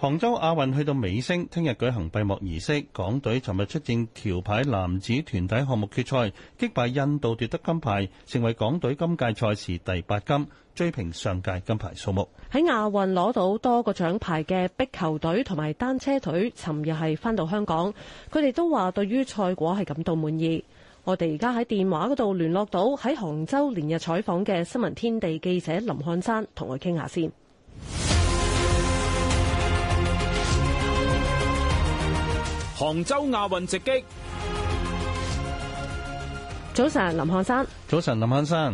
杭州亞運去到尾聲，聽日舉行閉幕儀式。港隊尋日出戰橋牌男子團體項目決賽，擊敗印度奪得金牌，成為港隊今屆賽事第八金，追平上屆金牌數目。喺亞運攞到多個獎牌嘅壁球隊同埋單車隊尋日係翻到香港，佢哋都話對於賽果係感到滿意。我哋而家喺電話嗰度聯絡到喺杭州連日採訪嘅新聞天地記者林漢山，同我傾下先。杭州亞運直擊，早晨林漢山，早晨林漢山，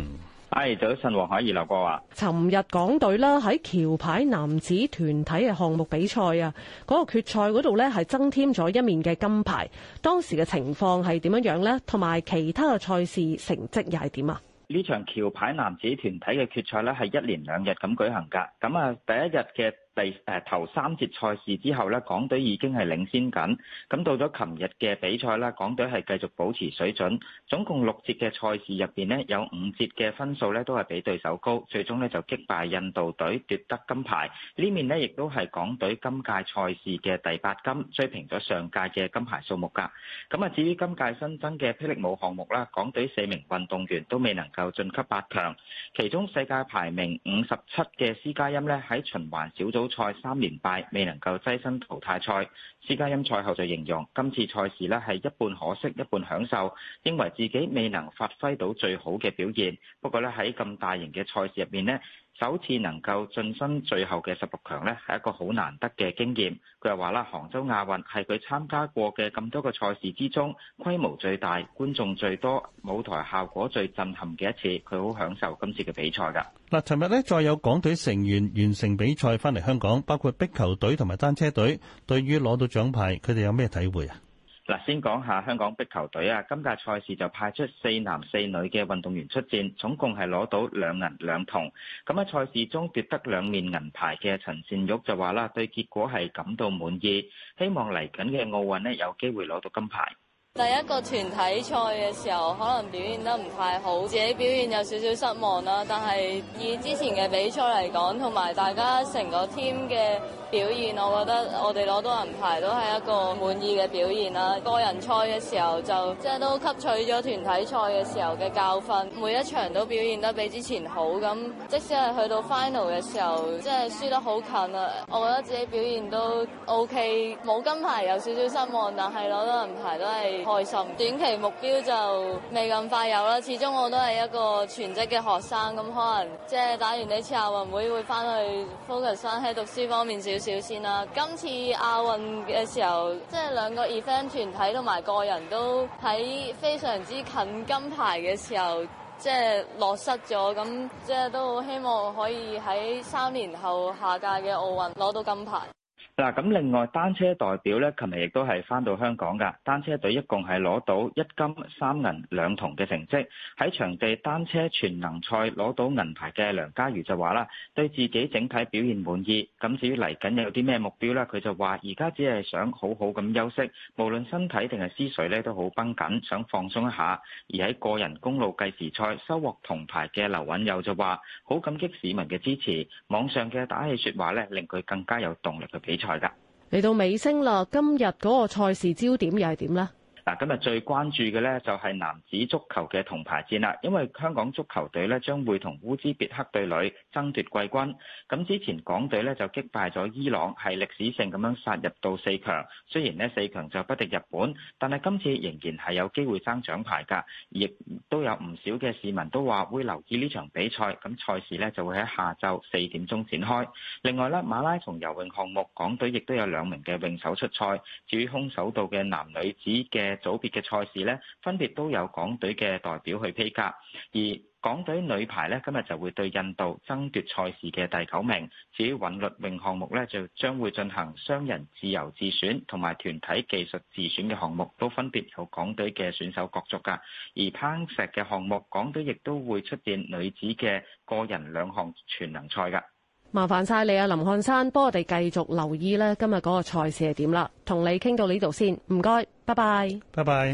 係早晨黃凱宜、劉國華。尋日港隊啦喺橋牌男子團體嘅項目比賽啊，嗰、嗰個決賽嗰度呢係增添咗一面嘅金牌。當時嘅情況係點樣樣呢？同埋其他嘅賽事成績又係點啊？呢場橋牌男子團體嘅決賽呢係一連兩日咁舉行噶。咁啊，第一日嘅。第誒頭三節賽事之後咧，港隊已經係領先緊。咁到咗琴日嘅比賽咧，港隊係繼續保持水準。總共六節嘅賽事入邊咧，有五節嘅分數咧都係比對手高，最終咧就擊敗印度隊奪得金牌。呢面呢亦都係港隊今屆賽事嘅第八金，追平咗上屆嘅金牌數目噶。咁啊，至於今屆新增嘅霹靂舞項目啦，港隊四名運動員都未能夠晉級八強，其中世界排名五十七嘅施嘉音呢，喺循環小組賽三連敗，未能夠躋身淘汰賽。施嘉欣賽後就形容今次賽事咧係一半可惜一半享受，認為自己未能發揮到最好嘅表現。不過咧喺咁大型嘅賽事入面咧。首次能夠晉身最後嘅十六強呢係一個好難得嘅經驗。佢又話啦，杭州亞運係佢參加過嘅咁多個賽事之中規模最大、觀眾最多、舞台效果最震撼嘅一次。佢好享受今次嘅比賽㗎。嗱，尋日呢，再有港隊成員完成比賽翻嚟香港，包括壁球隊同埋單車隊，對於攞到獎牌，佢哋有咩體會啊？嗱，先講下香港壁球隊啊，今屆賽事就派出四男四女嘅運動員出戰，總共係攞到兩銀兩銅。咁喺賽事中奪得兩面銀牌嘅陳善玉就話啦，對結果係感到滿意，希望嚟緊嘅奧運呢有機會攞到金牌。第一個團體賽嘅時候，可能表現得唔太好，自己表現有少少失望啦。但係以之前嘅比賽嚟講，同埋大家成個 team 嘅。表現我覺得我哋攞到銀牌都係一個滿意嘅表現啦。個人賽嘅時候就即係都吸取咗團體賽嘅時候嘅教訓，每一場都表現得比之前好咁。即使係去到 final 嘅時候，即係輸得好近啊！我覺得自己表現都 OK，冇金牌有少少失望，但係攞到銀牌都係開心。短期目標就未咁快有啦，始終我都係一個全職嘅學生，咁可能即係打完呢次亞運會會翻去 focus 翻喺讀書方面先。少少先啦。今次亞運嘅時候，即係兩個 event 團體同埋個人都喺非常之近金牌嘅時候，即係落失咗。咁即係都希望可以喺三年後下屆嘅奧運攞到金牌。嗱咁，另外單車代表呢，琴日亦都係返到香港噶。單車隊一共係攞到一金三銀兩銅嘅成績。喺場地單車全能賽攞到銀牌嘅梁家瑜就話啦，對自己整體表現滿意。咁至於嚟緊有啲咩目標呢？佢就話而家只係想好好咁休息，無論身體定係思緒呢，都好繃緊，想放鬆一下。而喺個人公路計時賽收穫銅牌嘅劉允友就話，好感激市民嘅支持，網上嘅打氣説話呢，令佢更加有動力去比賽。係噶，嚟到尾聲啦。今日嗰個賽事焦點又係點咧？嗱，今日最關注嘅呢就係男子足球嘅銅牌戰啦，因為香港足球隊呢將會同烏茲別克隊嚟爭奪季軍。咁之前港隊呢就擊敗咗伊朗，係歷史性咁樣殺入到四強。雖然呢四強就不敵日本，但係今次仍然係有機會爭獎牌㗎，亦都有唔少嘅市民都話會留意呢場比賽。咁賽事呢就會喺下晝四點鐘展開。另外呢，馬拉松游泳項目，港隊亦都有兩名嘅泳手出賽。至於空手道嘅男女子嘅組別嘅賽事呢，分別都有港隊嘅代表去披甲。而港隊女排呢，今日就會對印度爭奪賽事嘅第九名。至於韻律泳項目呢，就將會進行雙人自由自選同埋團體技術自選嘅項目，都分別有港隊嘅選手角逐㗎。而攀石嘅項目，港隊亦都會出現女子嘅個人兩項全能賽㗎。麻煩晒你啊，林漢山，幫我哋繼續留意咧今日嗰個賽事係點啦。同你傾到呢度先，唔該，拜拜，拜拜。